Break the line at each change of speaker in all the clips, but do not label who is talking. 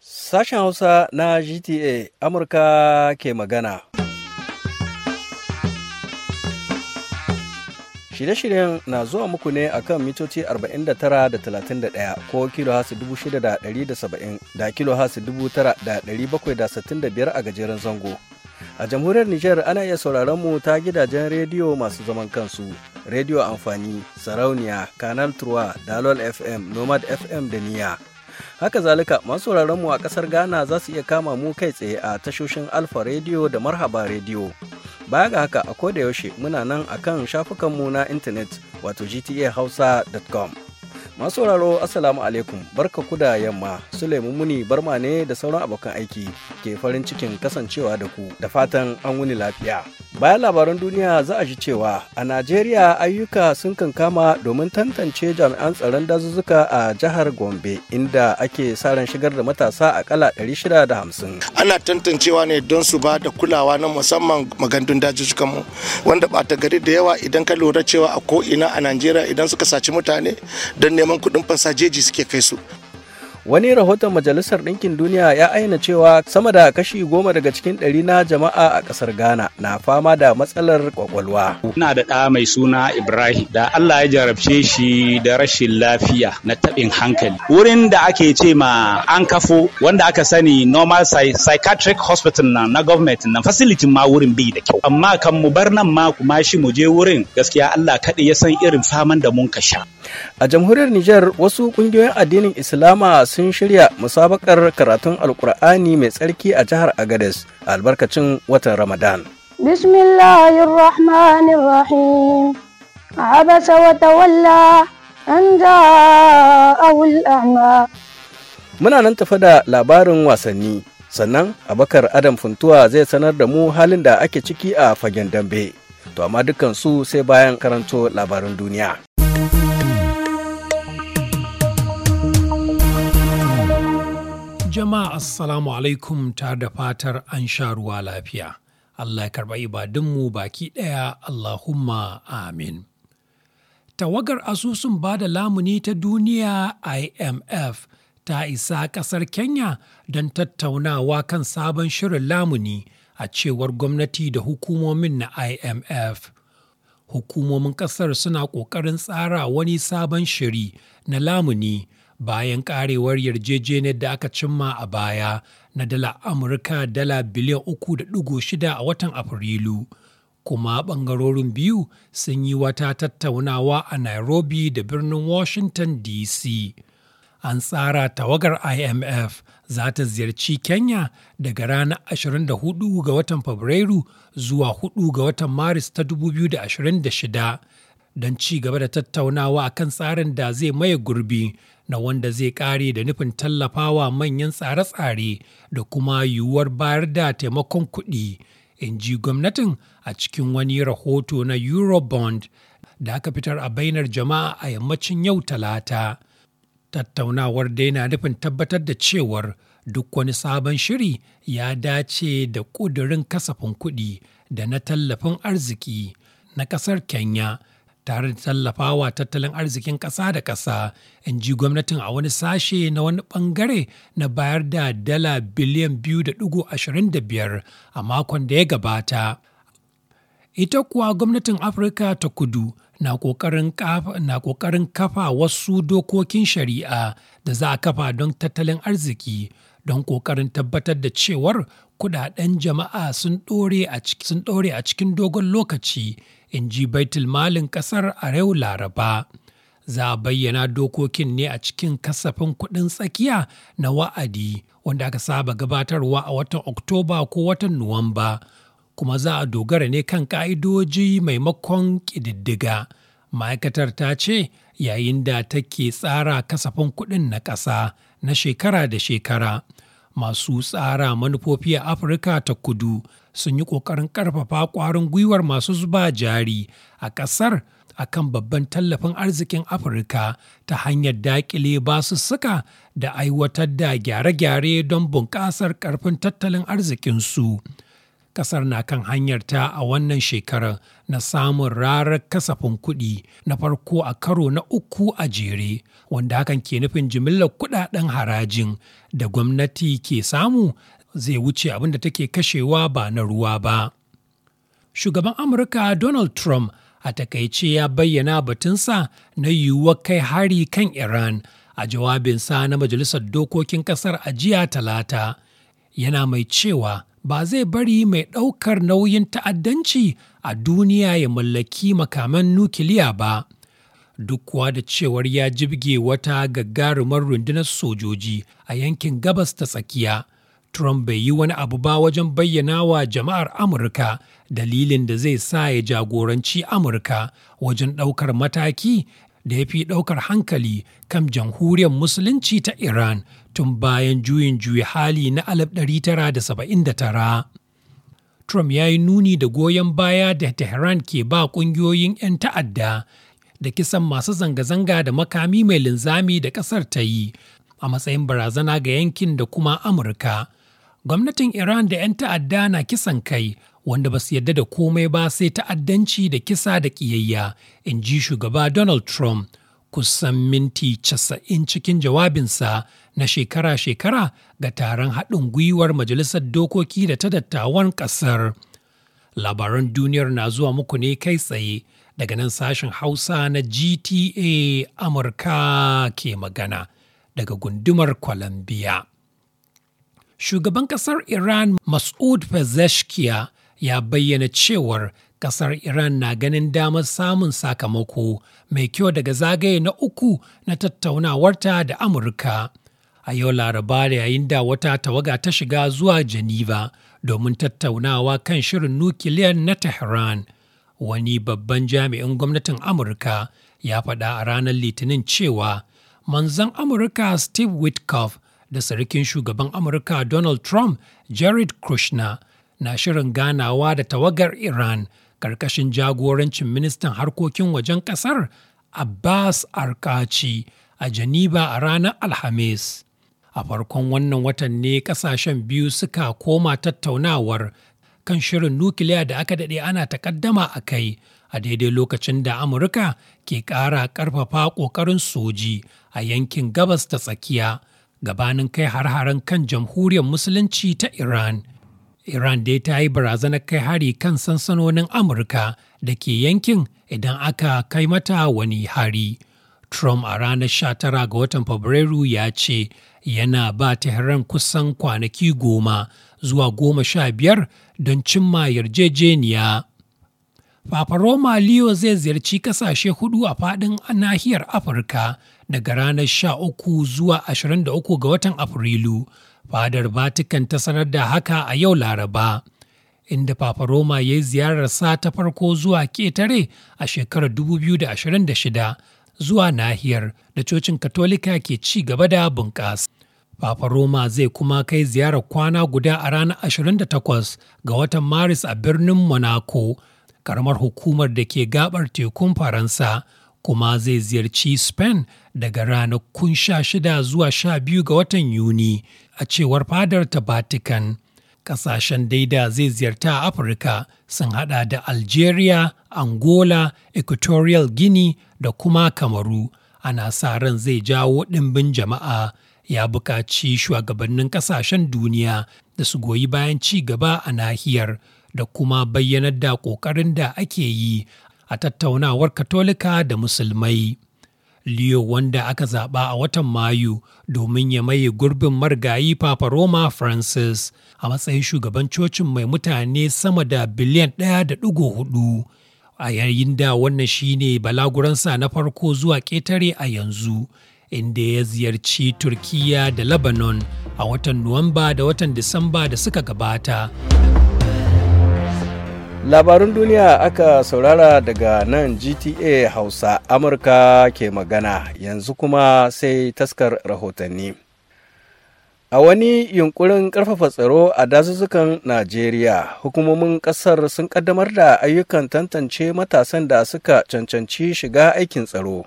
Sashen Hausa na GTA Amurka ke magana. Shirye-shiryen na zuwa muku ne akan mitoci 49 da 31 ko kilo hasu 6,170 da kilo hasu 9,765 a gajeren zango. A jamhuriyar Nijar ana iya sauraron mu ta gidajen rediyo masu zaman kansu, rediyo amfani, sarauniya, kanal turwa, dalol FM, nomad FM da niya. Haka zalika masu sauraron mu a kasar Ghana za su iya kama mu kai tsaye a tashoshin Alfa rediyo da Marhaba rediyo. Baya ga haka a ko da yaushe muna nan akan shafukanmu na intanet wato gtahausa.com. Masu sauraro Assalamu alaikum barka ku da yamma Sulaimu Muni barma ne da sauran abokan aiki ke farin cikin kasancewa da ku da fatan an wuni lafiya. Bayan labaran duniya za a ji cewa a Najeriya ayyuka sun kankama domin tantance jami'an tsaron dazuzzuka a jihar Gombe inda ake sa ran shigar da matasa a akala 650.
Ana tantancewa ne don su ba da kulawa na musamman magandun dazuzzukan mu wanda ɓata gari da yawa idan ka lura cewa a ko ina a Najeriya idan suka saci mutane don neman kuɗin fasajeji suke kai su
wani rahoton majalisar ɗinkin duniya ya aina cewa sama da kashi goma daga cikin ɗari na jama'a a ƙasar ghana na fama da matsalar kwakwalwa
ina da ɗa mai suna ibrahim da allah ya jarabce shi da rashin lafiya na taɓin hankali wurin da ake ce ma an kafo wanda aka sani normal psychiatric hospital na na government na facility ma wurin bi da kyau amma
kan mu bar nan ma kuma shi mu je wurin gaskiya allah kaɗai ya san irin faman da mun ka sha A jamhuriyar Nijar wasu kungiyoyin addinin Islama sun shirya musabakar karatun Alkur'ani mai tsarki a jihar Agades albarkacin watan Ramadan.
Bismillahirrahmanirrahim. Abasa wa tawalla an ja'awul a'ma.
Muna nan tafa da labarin wasanni. Sannan Abakar Adam Funtuwa zai sanar da mu halin da ake ciki a fagen dambe. To amma dukkan su sai bayan karanto labarin duniya.
Jama'a Assalamu alaikum ta da fatar an sha ruwa lafiya. Allah ya karɓa ibadunmu baki ɗaya Allahumma amin. Tawagar asusun ba da lamuni ta duniya IMF ta isa ƙasar Kenya don tattaunawa kan sabon shirin lamuni a cewar gwamnati da hukumomin na IMF. Hukumomin ƙasar suna ƙoƙarin tsara wani sabon shiri na lamuni. bayan karewar yarjejeniyar da aka cimma a baya na dala amurka dala biliyan uku da ɗigo shida a watan afrilu kuma bangarorin biyu sun yi wata tattaunawa a nairobi da birnin washington dc an tsara tawagar imf za ta ziyarci kenya daga ranar 24 ga watan fabrairu zuwa 4 ga watan maris ta 2026 don ci gaba da tattaunawa a kan tsarin da zai maye gurbi na wanda zai kare da nufin tallafawa manyan tsare-tsare da kuma yiwuwar bayar da taimakon kuɗi in ji gwamnatin a cikin wani rahoto na eurobond da aka fitar a bainar jama'a a yammacin yau talata tattaunawar dai na nufin tabbatar da cewar duk wani sabon shiri ya dace da ƙudurin kasafin kuɗi da na tallafin arziki na ƙasar kenya tare da tallafawa tattalin arzikin ƙasa da ƙasa in ji gwamnatin a wani sashe na wani bangare na bayar da dala biliyan 2.25 a makon da ya gabata ita kuwa gwamnatin afirka ta kudu na ƙoƙarin kafa wasu dokokin shari'a da za a kafa don tattalin arziki don ƙoƙarin tabbatar da cewar kudaden jama'a sun ɗore a cikin dogon lokaci in ji baitul malin kasar a yau laraba za a bayyana dokokin ne a cikin kasafin kuɗin tsakiya na wa'adi wanda aka saba gabatarwa a watan oktoba ko watan nuwamba kuma za a dogara ne kan ka'idoji maimakon ƙididdiga ma'aikatar ta ce yayin da take tsara kasafin kuɗin na ƙasa na shekara da shekara masu tsara manufofi a afirka ta kudu sun yi ƙoƙarin ƙarfafa ƙwarin gwiwar masu zuba jari a ƙasar a kan babban tallafin arzikin afirka ta hanyar daƙile basussuka da aiwatar da gyare-gyare don bunƙasar ƙarfin tattalin arzikinsu. kasar na kan hanyarta a wannan shekarar na samun rarar kasafin kuɗi na farko a karo na uku a jere wanda hakan ke nufin jimillar kuɗaɗen harajin da gwamnati ke samu zai wuce abin da take kashewa ba na ruwa ba. Shugaban Amurka Donald Trump a takaice ya bayyana batunsa na yiwuwar kai hari kan Iran a jawabinsa na Majalisar Dokokin Ƙasar a jiya Talata. Yana mai cewa ba zai bari mai ɗaukar nauyin ta'addanci a duniya ya mallaki makaman nukiliya ba duk kuwa da cewar ya jibge wata gagarumar rundunar sojoji a yankin gabas ta tsakiya trump bai yi wani abu ba wajen bayyana wa jama'ar amurka dalilin da zai sa ya jagoranci amurka wajen ɗaukar mataki da ya fi ɗaukar hankali kan jamhuriyar musulunci ta Iran tun bayan juyin juyi hali na 1979. Trump ya yi nuni da goyon baya da Tehran ke ba ƙungiyoyin 'yan ta'adda da kisan masu zanga-zanga da makami mai linzami da ƙasar ta yi a matsayin barazana ga yankin da kuma Amurka. gwamnatin Iran da 'yan ta'adda na kisan kai wanda ba su yadda da komai ba sai ta'addanci da kisa da ƙiyayya, in ji shugaba Donald Trump kusan minti casa'in cikin jawabinsa na shekara-shekara ga taron haɗin gwiwar Majalisar Dokoki da ta dattawan ƙasar. Labaran duniyar na zuwa muku ne kai tsaye daga nan sashen Hausa na GTA Amurka ke magana daga gundumar Columbia. Shugaban ƙasar Iran Mas'ud Pezeshkian ya bayyana cewar kasar Iran na ganin damar samun sakamako mai kyau daga zagaye na uku na tattaunawarta da Amurka. A yau laraba da yayin da wata tawaga ta shiga zuwa Geneva domin tattaunawa kan shirin nukiliyar na Tehran. Wani babban jami'in gwamnatin Amurka ya faɗa a ranar Litinin cewa manzan Amurka Steve Witkoff da sarkin shugaban Amurka Donald Trump, Jared Kushner, na shirin ganawa da tawagar Iran ƙarƙashin jagorancin ministan harkokin wajen ƙasar Abbas Arkaci a janiba a ranar Alhamis. A farkon wannan watan ne ƙasashen biyu suka koma tattaunawar kan shirin nukiliya da aka daɗe ana takaddama a kai a daidai lokacin da Amurka ke ƙara ƙarfafa ƙoƙarin soji a yankin gabas ta tsakiya. gabanin kai har-haren kan jamhuriyar musulunci ta Iran. Iran dai ta yi barazanar kai hari kan sansanonin Amurka da ke yankin idan aka kai mata wani hari. Trump a ranar 19 ga watan Fabrairu ya ce yana ba Tehran kusan kwanaki goma zuwa goma sha biyar don cimma yarjejeniya. Papa Roma Leo zai ziyarci kasashe hudu a faɗin nahiyar Afirka daga ranar 13 zuwa 23 ga watan Afrilu. Fadar Vatican ta sanar da haka a yau Laraba, inda Papa Roma ya yi ziyararsa ta farko zuwa ketare a shekarar 2026 zuwa nahiyar da cocin Katolika ke ci gaba da bunƙasa. Papa Roma zai kuma kai ziyarar kwana guda a ranar 28 ga watan Maris a birnin Monaco karamar hukumar da ke gabar tekun Faransa kuma zai ziyarci Spain daga ranakun sha shida zuwa sha biyu ga watan Yuni a cewar fadar ta Vatican. Kasashen daida zai ziyarta a Afirka sun hada da Algeria, Angola, Equatorial Guinea da kuma Kamaru. Ana sa ran zai jawo ɗimbin jama'a ya buƙaci shugabannin kasashen duniya da su goyi bayan ci gaba a nahiyar. da kuma bayyanar da ƙoƙarin da ake yi a tattaunawar Katolika da Musulmai. Leo wanda aka zaɓa a watan Mayu domin ya maye gurbin marigayi Papa Roma Francis a matsayin shugaban cocin mai mutane sama da biliyan ɗaya da ɗigo hudu. A yayin da wannan shine balaguransa na farko zuwa ƙetare a yanzu, inda ya ziyarci Turkiyya da Lebanon a watan Nuwamba da watan Disamba da suka gabata.
labarun duniya aka saurara daga nan gta hausa amurka ke magana yanzu kuma sai taskar rahotanni a wani yunkurin karfafa tsaro a dazuzzukan najeriya hukumomin kasar sun kaddamar da ayyukan tantance matasan da suka cancanci shiga aikin tsaro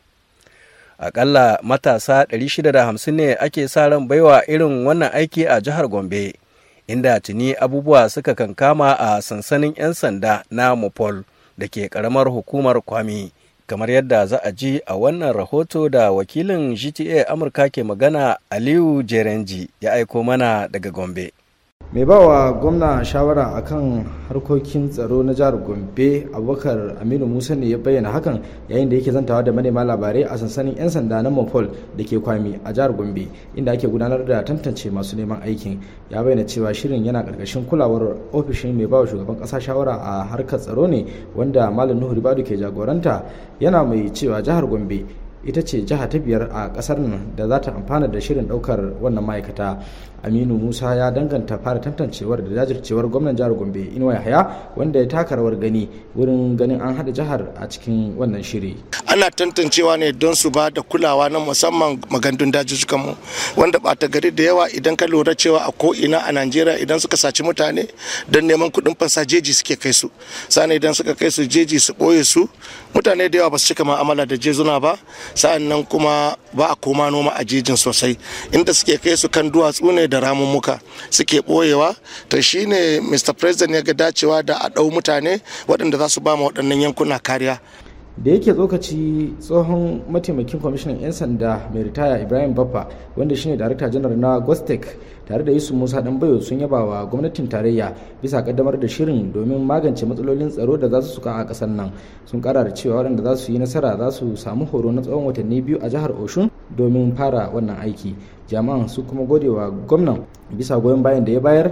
akalla matasa 650 ne ake sa ran baiwa irin wannan aiki a jihar gombe inda tuni abubuwa suka kankama a sansanin 'yan sanda na mopol da ke karamar hukumar kwami kamar yadda za a ji a wannan rahoto da wakilin gta amurka ke magana aliyu jerenji ya aiko mana daga gombe
mai ba wa gwamna shawara a kan harkokin tsaro na jihar gombe abubakar aminu musa ne ya bayyana hakan yayin da yake zantawa da manema labarai a sansanin 'yan sanda na mopol da ke kwami a jihar gombe inda ake gudanar da tantance masu neman aikin ya bayyana cewa shirin yana karkashin kulawar ofishin mai bawa shugaban kasa shawara a harkar tsaro ne wanda malam nuhu ribadu ke jagoranta yana mai cewa jihar gombe ita ce jiha ta biyar a kasar nan da za ta amfana da shirin daukar wannan ma'aikata aminu musa ya danganta fara tantancewar da jajircewar gwamnan jihar gombe inuwa haya wanda ya taka rawar gani wurin ganin an haɗa jihar a cikin wannan shiri
ana tantancewa ne don su ba da kulawa na musamman magandun dajujjukan mu wanda bata gari da yawa idan ka lura cewa a ko ina a najeriya idan suka saci mutane don neman kuɗin fansa jeji suke kai su sani idan suka kai su jeji su boye su mutane da yawa ba su cika ma'amala da jezuna ba sa'an nan kuma ba a koma noma a jejin sosai inda suke kai su kan duwatsu ne da ramummuka suke boyewa ta ne mr president ya ga dacewa da a ɗau mutane waɗanda za su ba ma waɗannan yankuna kariya
da yake tsokaci tsohon mataimakin kwamishinan 'yan sanda mai ritaya ibrahim baffa wanda shine darakta janar na gostek tare da yusuf musa dan bayo sun yaba wa gwamnatin tarayya bisa kaddamar da shirin domin magance matsalolin tsaro da za su suka a kasar nan sun kara da cewa waɗanda za su yi nasara za su samu horo na tsawon watanni biyu a jihar oshun domin fara wannan aiki jama'an su kuma gode wa gwamnan bisa goyon bayan da ya bayar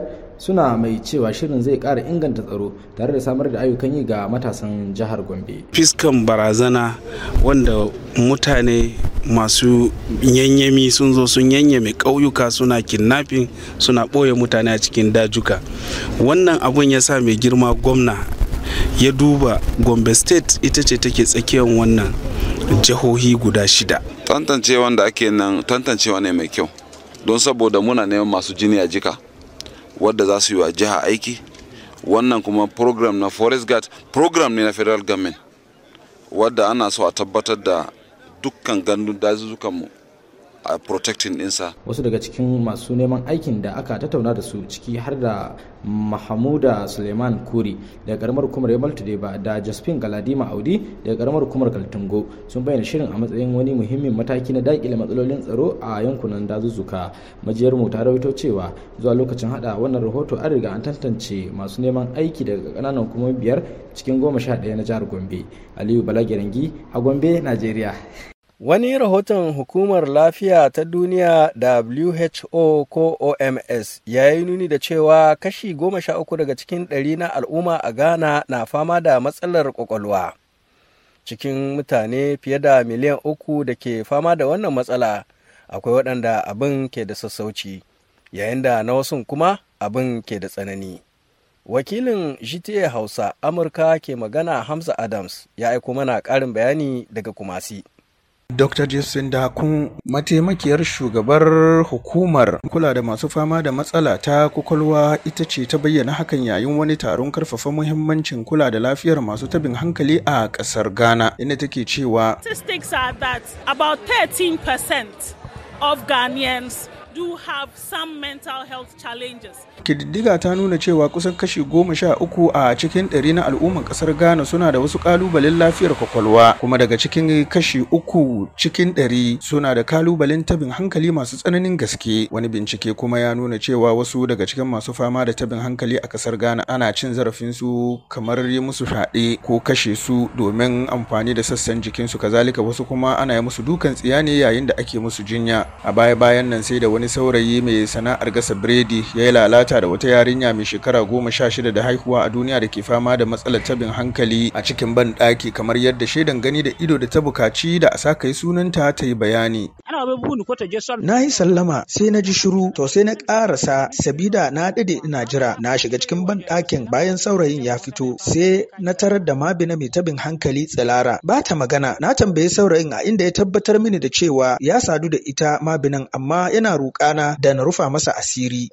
suna mai cewa shirin zai kara inganta tsaro tare da samar da ayyukan yi ga matasan jihar gombe
fiskan barazana wanda mutane masu yanyami sun zo sun yanyame ƙauyuka suna kidnapping suna ɓoye mutane a cikin dajuka wannan abun ya sa mai girma gwamna ya duba gombe state ita ce take tsakiyar wannan jihohi guda shida
tantancewa da tantancewa ne mai kyau don saboda muna neman masu jini a jika wadda za su yi wa jiha aiki wannan kuma program na forest guard program ne na federal government wadda ana so a tabbatar da dukkan gandun dazuzzukanmu a protecting ɗinsa.
Wasu daga cikin masu neman aikin da aka tattauna da su ciki har da Mahamuda Suleiman Kuri da karamar hukumar Yamal Tudeba da Jaspin Galadima Audi da karamar hukumar Kaltungo sun bayyana shirin a matsayin wani muhimmin mataki na daƙile matsalolin tsaro a yankunan dazuzzuka. Majiyar mu ta rawaito cewa zuwa lokacin hada wannan rahoto an riga an tantance masu neman aiki daga kananan hukumomi biyar cikin
goma sha daya na jihar Gombe. Aliyu bala Balagirangi a Gombe, Najeriya. Wani rahoton Hukumar Lafiya ta Duniya WHO ko OMS ya yi nuni da cewa kashi goma sha uku daga cikin ɗari na al'umma a Ghana na fama da matsalar ƙwaƙwalwa. Cikin mutane fiye da miliyan uku da ke fama da wannan matsala akwai waɗanda abin ke da sassauci, yayin da na wasu kuma abin ke da tsanani. Wakilin GTA Hausa Amurka ke magana Hamza Adams ya aiko mana ƙarin bayani daga Kumasi. Dr. Jason
Dakun mataimakiyar shugabar hukumar kula da masu fama da matsala ta kwakwalwa ita ce ta bayyana hakan yayin wani taron karfafa muhimmancin kula da lafiyar masu tabin hankali a kasar Ghana inda take cewa statistics are that about 13% of Ghanaians do have some mental health challenges. Kididdiga ta nuna cewa kusan kashi goma sha uku a cikin ɗari na al'umman ƙasar Ghana suna da wasu ƙalubalen lafiyar kwakwalwa kuma daga cikin kashi uku cikin ɗari suna da kalubalen tabin hankali masu tsananin gaske. Wani bincike kuma ya nuna cewa wasu daga cikin masu fama da tabin hankali a ƙasar Ghana ana cin zarafin su kamar yi musu fyaɗe ko kashe su domin amfani da sassan jikinsu kazalika wasu kuma ana yi musu dukan tsiya ne yayin da ake musu jinya. A baya-bayan nan sai da wani wani saurayi mai sana'ar gasa biredi ya yi lalata da wata yarinya mai shekara goma sha shida da haihuwa a duniya da ke fama da matsalar tabin hankali a cikin ban ɗaki kamar yadda shaidan gani da ido da ta bukaci da a sa yi sunanta ta yi bayani. Na yi sallama sai na ji shiru to sai na ƙarasa sabida na dade ina jira na shiga cikin ban ɗakin bayan saurayin ya fito sai na tarar da mabina mai tabin hankali tsilara ba ta magana na tambayi saurayin a inda ya tabbatar mini da cewa ya sadu da ita mabinan amma yana roƙo kana da na rufa masa asiri.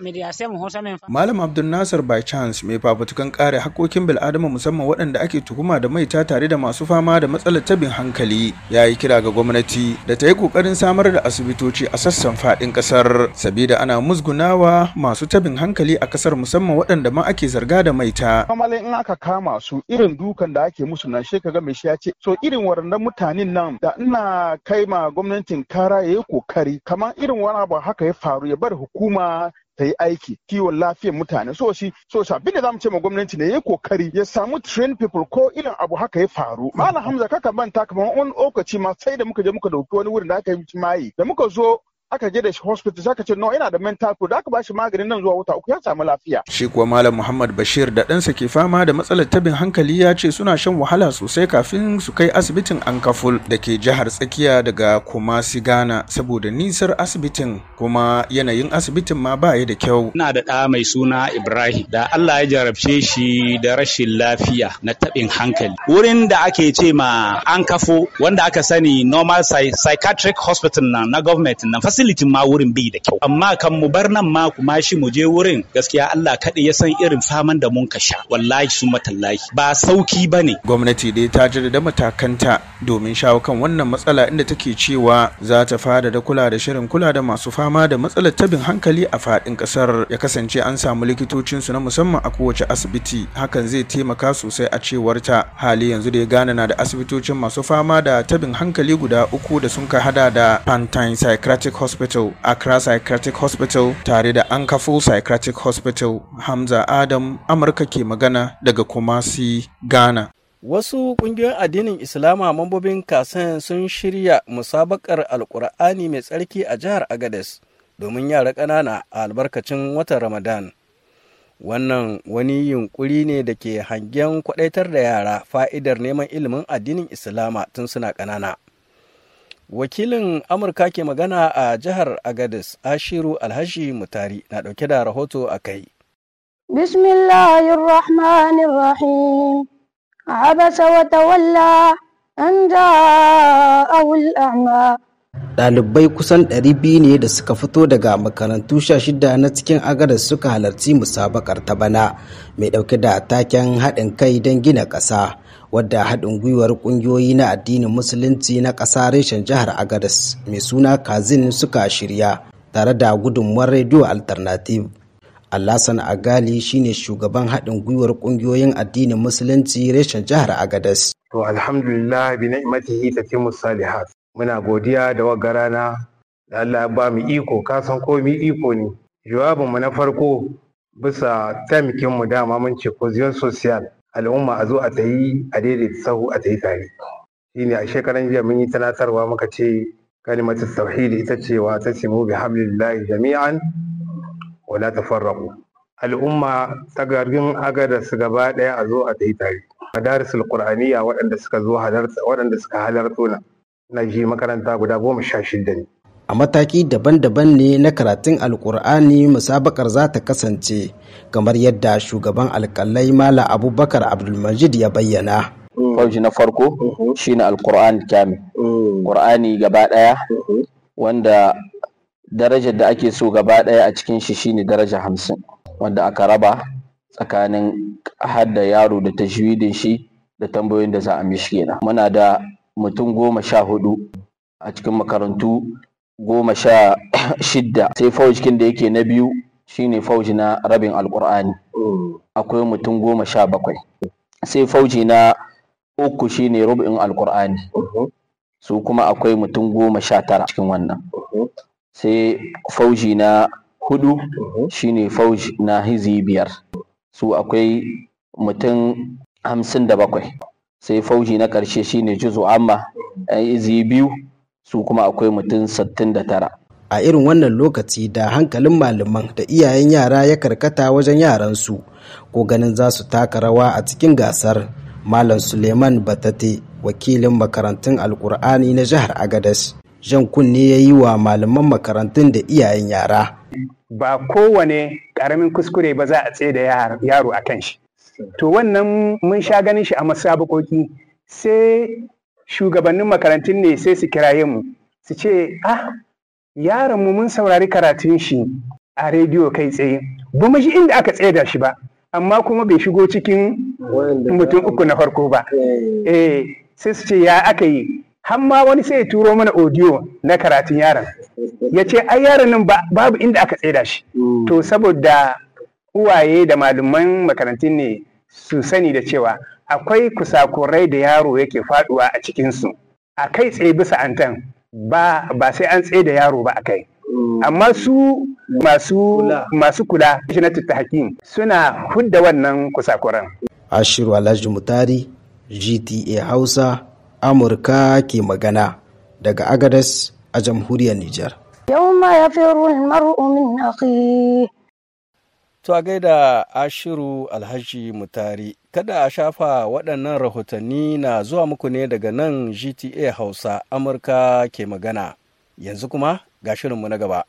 Malam Abdul Nasir by chance mai fafutukan kare hakokin bil'adama musamman waɗanda ake tuhuma da maita tare da masu fama da matsalar tabin hankali ya yi kira ga gwamnati da ta yi ƙoƙarin samar da asibitoci a sassan faɗin ƙasar sabida ana musgunawa masu tabin hankali a ƙasar musamman waɗanda ma ake zarga da maita. Kamalin in aka kama su irin dukan da ake musu nan shekaga ga mai shi ya ce so irin waɗannan mutanen nan da ina kai ma gwamnatin kara ya yi ƙoƙari kamar irin wani abu haka ya faru ya bar hukuma ta yi aiki kiwon lafiyar mutane so shi so shi abin da zamu ce ma gwamnati ne yi kokari ya samu train people ko irin abu haka ya faru malam hamza kaka manta kamar wani lokaci ma sai da muka je muka dauki wani wurin da aka yi mai da muka zo aka je da shi hospital sai ce no ina da mental da aka bashi maganin nan zuwa wata
uku ya samu lafiya
shi kuwa malam Muhammad Bashir da ɗansa ke fama da matsalar tabin hankali ya ce suna shan wahala sosai kafin su kai asibitin Ankaful da ke jihar tsakiya daga Kumasi Ghana saboda nisar asibitin kuma yanayin asibitin ma ba ya da kyau ina da
ɗa mai suna Ibrahim da Allah ya jarabce shi da rashin lafiya na tabin hankali wurin da ake ce ma Ankafo wanda aka sani normal psychiatric hospital na na government na facility ma wurin bi da kyau amma kan mu bar nan ma kuma shi mu je wurin gaskiya Allah kaɗai ya san irin faman da mun ka sha wallahi su matallahi ba sauki ba
ne gwamnati dai ta jaddada matakanta domin shawo kan wannan matsala inda take cewa za ta fara da kula da shirin kula da masu fama da matsalar tabin hankali a faɗin ƙasar ya kasance an samu likitocin su na musamman a kowace asibiti hakan zai taimaka sosai a cewar ta hali yanzu dai ya gane na da asibitocin masu fama da tabin hankali guda uku da sun ka hada da Pantine Psychiatric Hospital Hospital, Accra Psychiatric Hospital tare da Ankafu Psychiatric Hospital, Hamza Adam, Amurka ke magana daga Kumasi, Ghana.
Wasu ƙungiyoyin addinin Islama mambobin kasan sun shirya musabakar alkur'ani mai tsarki a jihar Agades domin yara ƙanana a albarkacin watan Ramadan. Wannan wani yunƙuri ne da ke hangen kwaɗaitar da yara fa'idar neman ilimin addinin Islama tun suna ƙanana. wakilin amurka ke magana a jihar agadis ashiru alhaji mutari na dauke da rahoto a kai
bismillahirrahmanirrahim abasa wa tawalla an a
Ɗalibai kusan 200 ne da suka fito daga makarantu 16 na cikin agadas suka halarci musabakar ta bana mai ɗauke da taken haɗin kai don gina ƙasa wadda haɗin gwiwar ƙungiyoyi na addinin musulunci na ƙasa reshen jihar agadas mai suna kazin suka shirya tare da gudunmuwar rediyo alternative alhassan agali shine shugaban haɗin gwiwar ƙungiyoyin addinin musulunci reshen jihar agadas
to alhamdulillah bi ni'matihi tatimmu salihat muna godiya da wagarana da Allah ba mu iko Ka san ko komi iko ne jawabinmu na farko bisa taimakinmu dama mun ce cohesion social al'umma a zo a tayi a daidaita sahu a tayi tare ne a shekaran jiya mun yi tanatarwa muka ce kalimatu tauhid ita ce wa ta ce mu bihamdillahi jami'an wa la tafarraqu al'umma ta garin agada su gaba daya a zo a tayi tare madarisul qur'aniya waɗanda suka zo halarta waɗanda suka halarto na na ji makaranta guda goma sha
shida ne a mataki daban-daban ne na karatun alkur'ani musabakar za ta kasance kamar yadda shugaban alkalai mala abubakar abdulmajid ya bayyana
fauji na farko shine alkur'ani kyami qur'ani gaba daya wanda darajar da ake so gaba daya a cikin shi shine daraja hamsin wanda aka raba tsakanin hadda yaro da ta shi da tambayoyin da za a mishi kenan muna da mutum goma sha hudu a cikin makarantu goma sha shidda sai kin da yake na biyu shine fauji na rabin alkur'ani akwai mutum goma sha bakwai sai fauji na uku shine rubin alkur'ani su kuma akwai mutum goma sha tara cikin wannan sai fauji na hudu shine fauji na hizi biyar su akwai mutum hamsin da bakwai sai fauji na karshe shine juzu amma eh, hizi biyu su kuma akwai mutum
69 a irin wannan lokaci da hankalin malaman da iyayen yara ya karkata wajen yaransu ko ganin za su taka rawa a cikin gasar malam suleiman batate wakilin makarantun alkur'ani na jihar agadas jan kunne ya yi wa malaman makarantun da iyayen yara
ba kowane karamin kuskure ba za a tsaye da yaro a kan shi to wannan mun sha ganin shi a masabakoki sai shugabannin makarantun ne sai su kiraye mu su ce ah yaron mu mun saurari karatun shi a rediyo kai tsaye ba mu ji inda aka tsaye da shi ba amma kuma bai shigo cikin mutum uku na farko ba eh. eh sai su ce ya aka yi har ma wani sai ya turo mana odiyo na karatun yaron ya ce ai yaron nan babu inda aka da shi mm. to saboda uwaye da malaman makarantun ne su sani da cewa akwai kusakurai da yaro yake faduwa a cikinsu a kai tsaye bisa antan ba ba sai an tsaye da yaro ba a kai mm. amma su masu masu kula shinatu ta hakim suna hudda wannan kusakuran
ashiru alhaji mutari gta hausa amurka ke magana daga agadas a jamhuriyar nijar
yau ma ya fi ruhin maru'umin
to a gaida ashiru alhaji mutari Kada a shafa waɗannan rahotanni na zuwa muku ne daga nan GTA Hausa Amurka ke magana. Yanzu kuma ga shirinmu na gaba.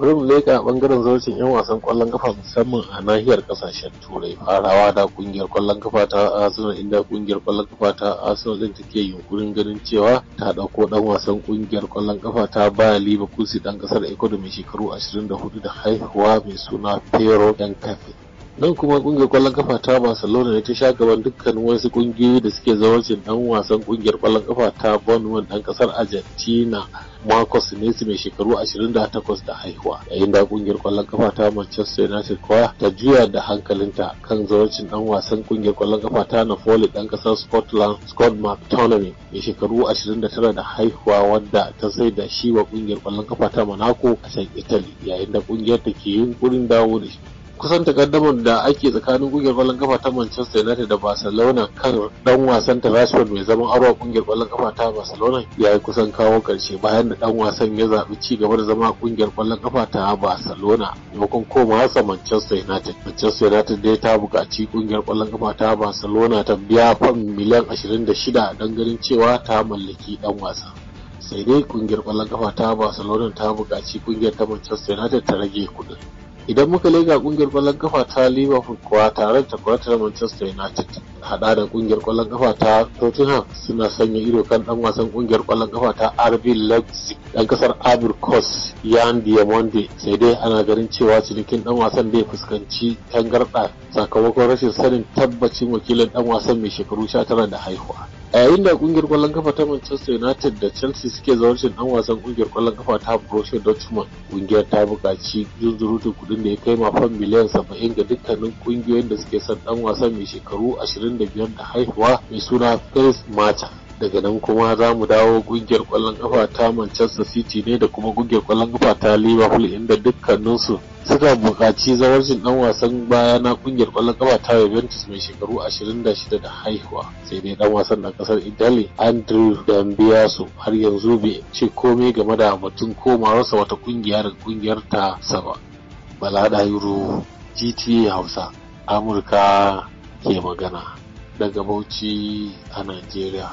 bari mu leka bangaren zarcin yan wasan kwallon kafa musamman a nahiyar kasashen turai farawa da kungiyar kwallon kafa ta arsenal inda kungiyar kwallon kafa ta arsenal din take yunkurin ganin cewa ta dauko dan wasan kungiyar kwallon kafa ta baya kusi dan kasar ecuador mai shekaru 24 da haihuwa mai suna pero dan kafe nan kuma kungiyar kwallon kafa ta barcelona ne ta sha gaban dukkan wasu kungiyoyi da suke zawancin dan wasan kungiyar kwallon kafa ta bournemouth dan kasar argentina Marcus Smith mai shekaru 28 da haihuwa yayin da kungiyar kwallon kafa ta Manchester United kuwa ta juya da hankalinta kan zarocin dan wasan kungiyar kwallon kafa ta Napoli dan kasar Scotland Scott McTominay mai shekaru 29 da haihuwa wadda ta sai da shi wa kungiyar kwallon kafa ta Monaco a can Italy yayin da kungiyar ta ke yunkurin dawo da shi kusan takaddamar da ake tsakanin kungiyar kwallon kafa ta Manchester United da Barcelona kan dan wasan ta Rashford mai zaman aro kungiyar kwallon kafa ta Barcelona ya yi kusan kawo karshe bayan da dan wasan ya zaɓi ci gaba da zama kungiyar kwallon kafa ta Barcelona maimakon koma sa Manchester United. Manchester United dai ta buƙaci kungiyar kwallon kafa ta Barcelona ta biya fam miliyan 26 don ganin cewa ta mallaki dan wasa. sai dai kungiyar kwallon kafa ta barcelona ta buƙaci kungiyar ta manchester united ta rage kuɗin idan muka lega kungiyar kwallon kafa ta liverpool kuwa tare da kwatar manchester united hada da kungiyar kwallon kafa ta tottenham suna sanya ido kan dan wasan kungiyar kwallon kafa ta rb leipzig dan kasar abir kos yan diamonde sai dai ana ganin cewa cinikin dan wasan zai fuskanci tangarda sakamakon rashin sanin tabbacin wakilin dan wasan mai shekaru 19 da haihuwa a yayin da kungiyar kwallon kafa ta manchester united da chelsea suke zawarcin dan wasan kungiyar kwallon kafa ta borussia dortmund kungiyar ta buƙaci zunzurutun kuɗin da ya kai mafan miliyan saba'in ga dukkanin kungiyoyin da suke son dan wasan mai shekaru 25 da haihuwa mai suna chris mata daga nan kuma za mu dawo kungiyar kwallon kafa ta manchester city ne da kuma kungiyar kwallon kafa ta liverpool inda dukkaninsu suka buƙaci zawarcin ɗan wasan baya na kungiyar ƙwallon ƙafa ta Juventus mai shekaru 26 da haihuwa sai dai ɗan wasan dan ƙasar Italy Andrew Dambiaso har yanzu bai ce komai game da batun komawarsa wata ƙungiya da kungiyar ta saba Bala Yuro GTA Hausa Amurka ke magana daga Bauchi a Najeriya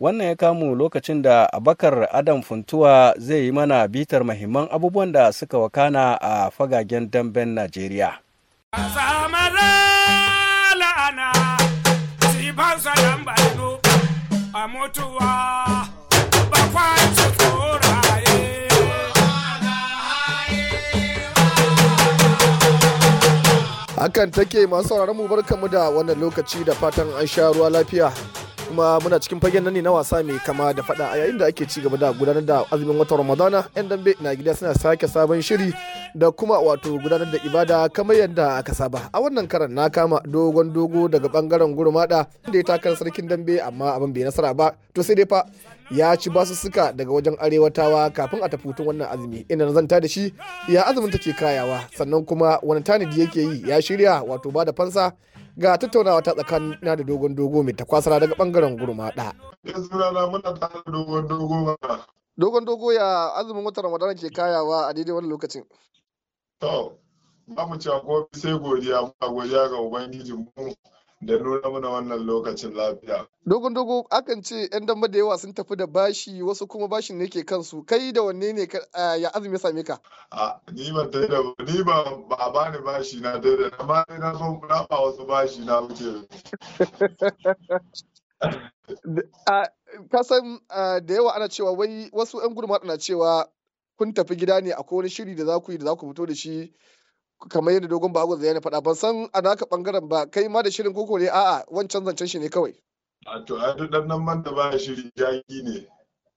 wannan ya kamu lokacin da abakar adam funtuwa zai yi mana bitar mahimman abubuwan da suka wakana a fagagen damben najeriya
hakan take masu mu barkamu da wannan lokaci da fatan an sha ruwa lafiya kuma muna cikin fagen nan ne na wasa mai kama da fada a yayin da ake ci gaba da gudanar da azumin watan ramadana yan dambe na gida suna sake sabon shiri da kuma wato gudanar da ibada kamar yadda aka saba a wannan karan na kama dogon dogo daga bangaren gurmada da ya takar sarkin dambe amma abin bai nasara ba to sai dai fa ya ci basu suka daga wajen arewatawa kafin a tafi hutun wannan azumi ina zan ta da shi ya azumin take kayawa sannan kuma wani tanadi yake yi ya shirya wato ba da fansa ga tattaunawa ta tsakanin na da dogon dogo mai takwasara daga bangaren gurma da dogon dogo ya azumin watan Ramadan ke kayawa a daidai wani lokacin. To, ba
mu cewa sai godiya, ba godiya ga Ubangijinmu. da nuna mana wannan lokacin lafiya.
Dogon dogo akan ce 'yan damba da yawa sun tafi da bashi wasu kuma bashin ne ke kansu kai da wanne ne ya azumi same ka? A ni ba ta da ni ba ba
ba ni bashi na ta da amma na so na ba wasu bashi na wuce.
san da yawa ana cewa wai wasu 'yan gurma na cewa kun tafi gida ne akwai wani shiri da za ku yi da za ku fito da shi kamar yadda dogon bago zai ne faɗa ban san a naka bangaren ba kai ma da shirin koko ne a'a wancan zancen shi ne kawai
a to a duk dan nan da ba shiri jaki ne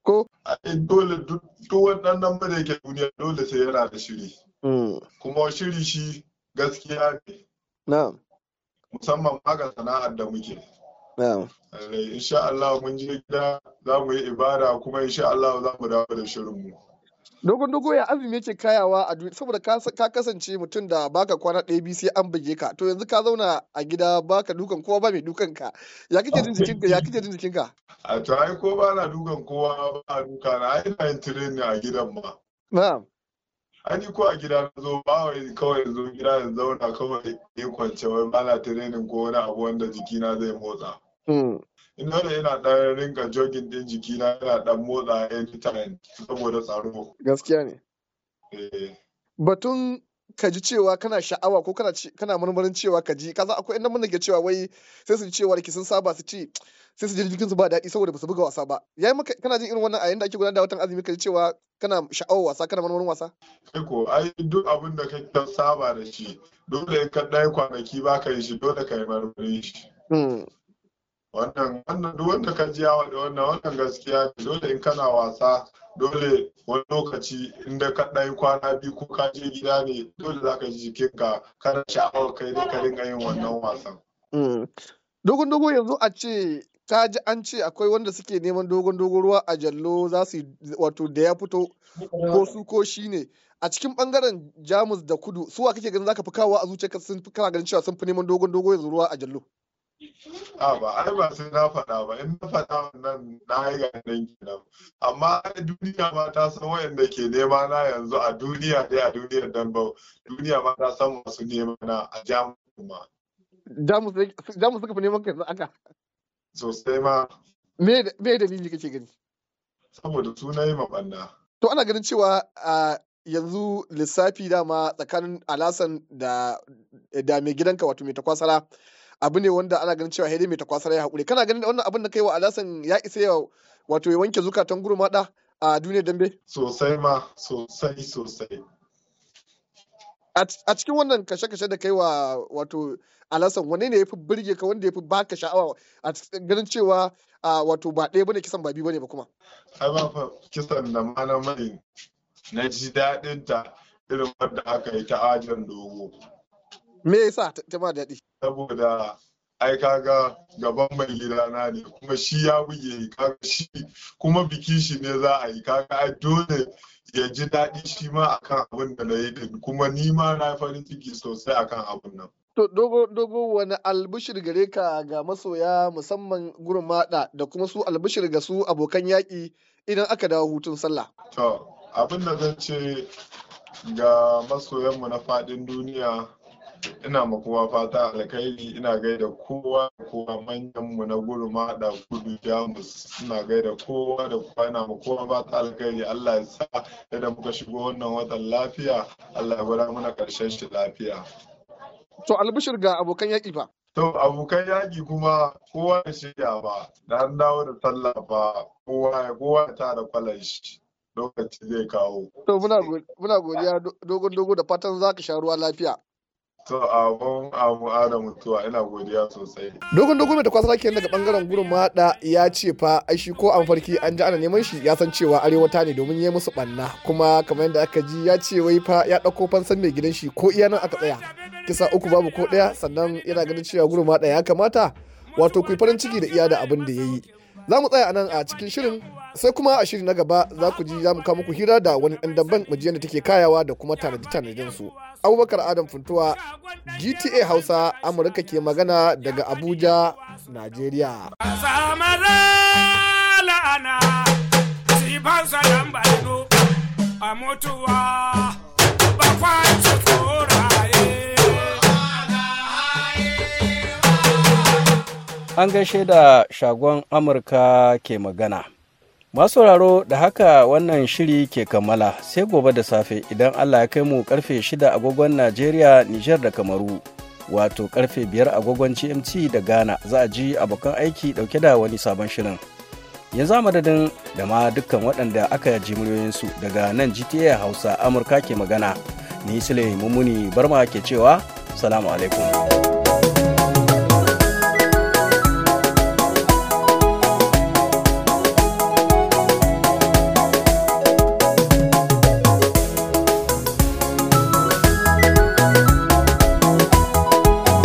ko a dole duk
wannan nan ba da yake duniya dole sai yana da shiri hmm. kuma shiri shi gaskiya ne na'am musamman ma ga sana'ar da muke na'am eh, insha Allah mun je gida za mu yi ibada kuma insha Allah za mu dawo da shirin mu
dogon dogo ya azumi yake kayawa a duniya saboda ka kasance mutum da baka kwana ɗaya biyu sai an buge ka to yanzu ka zauna a gida baka dukan kowa ba mai dukan ka ya kike jin jikin ka ya kike jin jikin ka a to ai ko ba na dukan kowa ba a duka na ai na yin training a gidan ma
na'am an yi ko a gida na zo ba wai kawai yanzu gida yanzu zauna kawai ne kwance wai ba na training ko wani abu wanda jikina zai motsa hmm. ina da yana ɗan rinka jogin din jikina yana ɗan motsa anytime saboda tsaro gaskiya ne eh.
batun ka ji cewa kana sha'awa ko kana kana murmurin cewa ka ji kaza akwai inda mun ke cewa wai sai su ji cewa ki sun saba su ci, sai su ji jikin su ba daɗi saboda ba su buga wasa ba yayi maka kana jin irin wannan a yanda ake gudanar da watan azumi ka ji cewa kana sha'awar wasa kana murmurin wasa
kai eh ko ai duk abin da kake saba da shi dole ka dai kwanaki ba ka yi shi dole ka yi murmurin shi hmm. wannan wannan duk wanda ka jiya wa da wannan wannan gaskiya ne dole in kana wasa dole wani lokaci in da ka ɗan kwana biyu ko ka je gida ne dole za ka ji jikinka kana sha'awar kai da ka ringa yin wannan
wasan. Hmm. dogon dogo yanzu a ce ka ji an ce akwai wanda suke neman dogon dogon ruwa a jallo za su wato da ya fito ko su ko shi ne a cikin bangaren jamus da kudu suwa kake ganin zaka fi kawo a zuciyarka sun fi kana ganin cewa sun fi neman dogon dogo yanzu ruwa a jallo.
a ba ai ba sai na faɗa ba in na faɗa wannan na yi ganin kenan amma ai duniya ma ta san wayanda ke nema na yanzu a duniya dai a duniyar dan ba duniya ma ta san masu nema na a
jamus kuma jamus suka fi neman ka yanzu aka sosai ma me me dalili kake gani saboda suna yi mabanna to ana ganin cewa yanzu lissafi dama tsakanin alasan da da mai gidanka wato mai takwasara abu ne wanda ana ganin cewa dai mai takwasar ya haƙuri kana ganin wannan abin da kai wa alasan ya isa ya wato ya wanke zukatan gurmaɗa a duniyar dambe sosai ma
sosai sosai
a cikin wannan kashe-kashe da kai wa wato alasan wani ne ya fi birge ka wanda ya fi baka sha'awa a ganin cewa wato ba ɗaya bane kisan ba biyu bane ba kuma
ai ba fa kisan da malamai na ji daɗin ta irin wadda aka yi ta ajin dogo me yasa ta ma daɗi saboda ai kaga gaban mai gidana ne kuma shi ya buge kaga shi kuma biki shi ne za a yi kaga ai dole ya ji daɗi shi ma akan abin da na yi din kuma ni ma na farin ciki sosai akan abin nan
To dogo wani albishir gare ka ga masoya musamman gurin mada da kuma su albishir ga su abokan yaƙi idan aka dawo hutun sallah.
To abin da zan ce ga masoyanmu na faɗin duniya ina ma kowa fata alkhairi ina gaida kowa da kowa manyan mu na gurma da kudu jamus ina gaida kowa da kowa ina ma kowa fata alkhairi Allah ya sa idan muka shigo wannan watan lafiya Allah ya bada muna karshen shi lafiya to albishir ga abokan yaƙi fa To abokan yaƙi kuma kowa ya shirya ba, da an dawo da sallah ba, kowa ya kowa ya tara kwalan shi lokaci zai kawo.
To muna godiya dogon dogo da fatan za ka sha ruwa lafiya.
To abun amu da mutuwa ina godiya sosai.
Dogon dogon da kwasa kenan daga bangaren gurin mada ya ce fa ai shi ko an farki an ji ana neman shi ya san cewa arewata ne domin ya musu banna kuma kamar yadda aka ji ya ce wai fa ya dauko fansan mai gidan shi ko iya nan aka tsaya. Kisa uku babu ko daya sannan yana ganin cewa gurin mada ya kamata wato ku farin ciki da iya da abin da ya yi. za mu tsaya nan a cikin shirin sai kuma a shiri na gaba za ku ji za mu kawo muku hira da wani ɗan damban majiyar da take kayawa da kuma tanadi-tanadin su abubakar adam funtuwa gta hausa amurka ke magana daga abuja najeriya
an gaishe da shagon amurka ke magana masu sauraro da haka wannan shiri ke kammala sai gobe da safe idan allah ya kai mu karfe 6 agogon najeriya nijar da kamaru wato karfe 5 agogon gmt da ghana za a ji abokan aiki dauke da wani sabon shirin yanzu madadin da ma dukkan waɗanda aka ji muryoyinsu daga nan gta hausa amurka ke magana ni sule mummuni barma ke cewa salamu alaikum